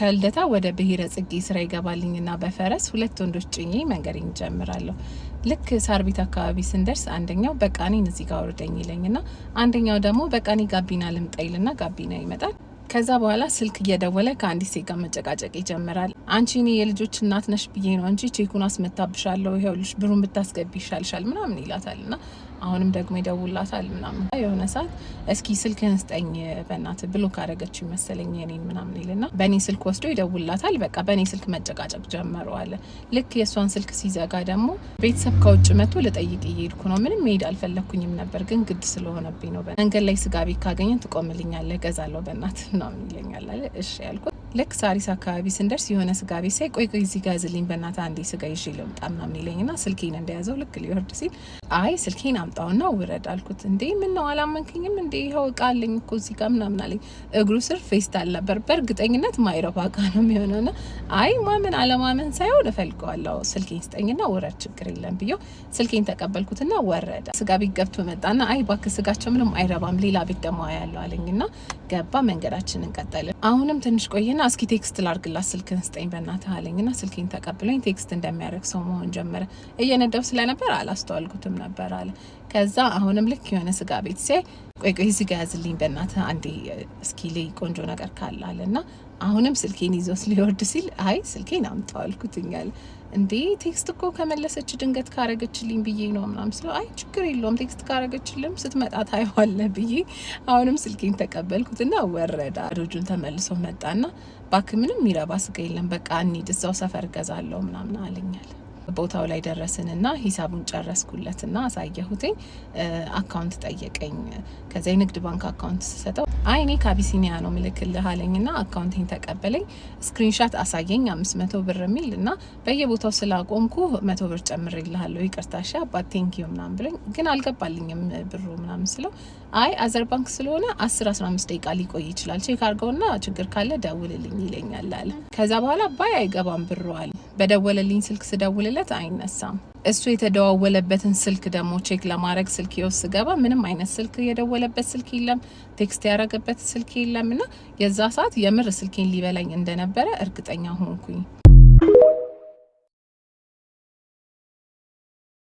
ከልደታ ወደ ብሔረ ጽጌ ስራ ይገባልኝና በፈረስ ሁለት ወንዶች ጭኜ መንገድ እንጀምራለሁ። ልክ ሳር ቤት አካባቢ ስንደርስ አንደኛው በቃኔን እዚህ ጋር ወርደኝ ይለኝና አንደኛው ደግሞ በቃኔ ጋቢና ልምጣ ይልና ጋቢና ይመጣል። ከዛ በኋላ ስልክ እየደወለ ከአንዲት ሴት ጋር መጨቃጨቅ ይጀምራል። አንቺ እኔ የልጆች እናት ነሽ ብዬ ነው እንጂ ቼኩን አስመታብሻለሁ፣ ይኸውልሽ ብሩን ብታስገቢ ይሻልሻል ምናምን ይላታል። እና አሁንም ደግሞ ይደውላታል ምናምን። የሆነ ሰዓት እስኪ ስልክህን ስጠኝ በእናትህ ብሎ ካረገችው ይመሰለኝ የኔን ምናምን ይልና በእኔ ስልክ ወስዶ ይደውላታል። በቃ በእኔ ስልክ መጨቃጨቅ ጀመረዋል። ልክ የእሷን ስልክ ሲዘጋ ደግሞ ቤተሰብ ከውጭ መጥቶ ልጠይቅ እየሄድኩ ነው። ምንም መሄድ አልፈለግኩኝም ነበር፣ ግን ግድ ስለሆነብኝ ነው። መንገድ ላይ ስጋ ቤት ካገኘን ትቆምልኛለህ፣ ገዛለሁ በእናት ነው ይለኛል። እሺ ያልኩት ልክ ሳሪስ አካባቢ ስንደርስ የሆነ ስጋ ቤት ሳይ ቆይ ቆይ እዚህ ዝልኝ በእናትህ አንዴ ስጋ ይዤ ልምጣ ምናምን ና ስልኬን እንደያዘው ልክ ሊወርድ ሲል አይ ስልኬን አምጣውና ውረድ አልኩት። እንዴ ምን ነው አላመንክኝም እንዴ? ይኸው እቃ አለኝ እኮ እዚህ ጋ ምናምን አለኝ። እግሩ ስር ፌስታል ነበር። በእርግጠኝነት ማይረባ እቃ ነው የሚሆነው ና አይ ማመን አለማመን ሳይሆን እፈልገዋለሁ። ስልኬን ስጠኝና ውረድ፣ ችግር የለም ብዬው ስልኬን ተቀበልኩትና ወረደ። ስጋ ቤት ገብቶ መጣና አይ እባክህ ስጋቸው ምንም አይረባም፣ ሌላ ቤት ደግሞ ያለው አለኝና ገባ። መንገዳችንን ቀጠልን። አሁንም ትንሽ ቆየ ና እስኪ ቴክስት ላርግላት ስልክን ስጠኝ በእናትህ አለኝ ና ስልኬን ተቀብሎኝ ቴክስት እንደሚያደርግ ሰው መሆን ጀመረ። እየነደብ ስለነበር አላስተዋልኩትም ነበር አለ ከዛ አሁንም ልክ የሆነ ስጋ ቤት ሲያይ ቆይ ቆይ ስጋ ያዝልኝ በእናትህ አንዴ እስኪ ልይ ቆንጆ ነገር ካላል እና አሁንም ስልኬን ይዞት ሊወርድ ሲል አይ ስልኬን አምጣው እንዴ ቴክስት እኮ ከመለሰች ድንገት ካረገችልኝ ብዬ ነው ምናምን ስለው አይ ችግር የለውም ቴክስት ካረገችልም ስትመጣ ታይዋለ ብዬ አሁንም ስልኬን ተቀበልኩትና ወረዳ ዶጁን ተመልሶ መጣና ባክ ምንም ሚረባ ስጋ የለም በቃ እኒድ እዛው ሰፈር እገዛለሁ ምናምን አለኛል። ቦታው ላይ ደረስን ደረስንና ሂሳቡን ጨረስኩለት ጨረስኩለትና አሳየሁትኝ። አካውንት ጠየቀኝ። ከዚ የንግድ ባንክ አካውንት ስሰጠው አይ እኔ ከአቢሲኒያ ነው ምልክልህ አለኝና አካውንቴን ተቀበለኝ። ስክሪንሻት አሳየኝ አምስት መቶ ብር የሚል እና በየቦታው ስላቆምኩ መቶ ብር ጨምሬልሃለሁ ይቅርታ ሺ አባት ቴንኪዩ ምናምን ብለኝ፣ ግን አልገባልኝም ብሩ ምናምን ስለው አይ አዘር ባንክ ስለሆነ አስር አስራ አምስት ደቂቃ ሊቆይ ይችላል ቼክ አርገውና ችግር ካለ ደውልልኝ ይለኛል አለ። ከዛ በኋላ ባይ አይገባም ብሩ አለ። በደወለልኝ ስልክ ስደውልለት አይነሳም። እሱ የተደዋወለበትን ስልክ ደግሞ ቼክ ለማድረግ ስልክ ይወስ ስገባ ምንም አይነት ስልክ የደወለበት ስልክ የለም፣ ቴክስት ያደረገበት ስልክ የለም እና የዛ ሰዓት የምር ስልኬን ሊበላኝ እንደነበረ እርግጠኛ ሆንኩኝ።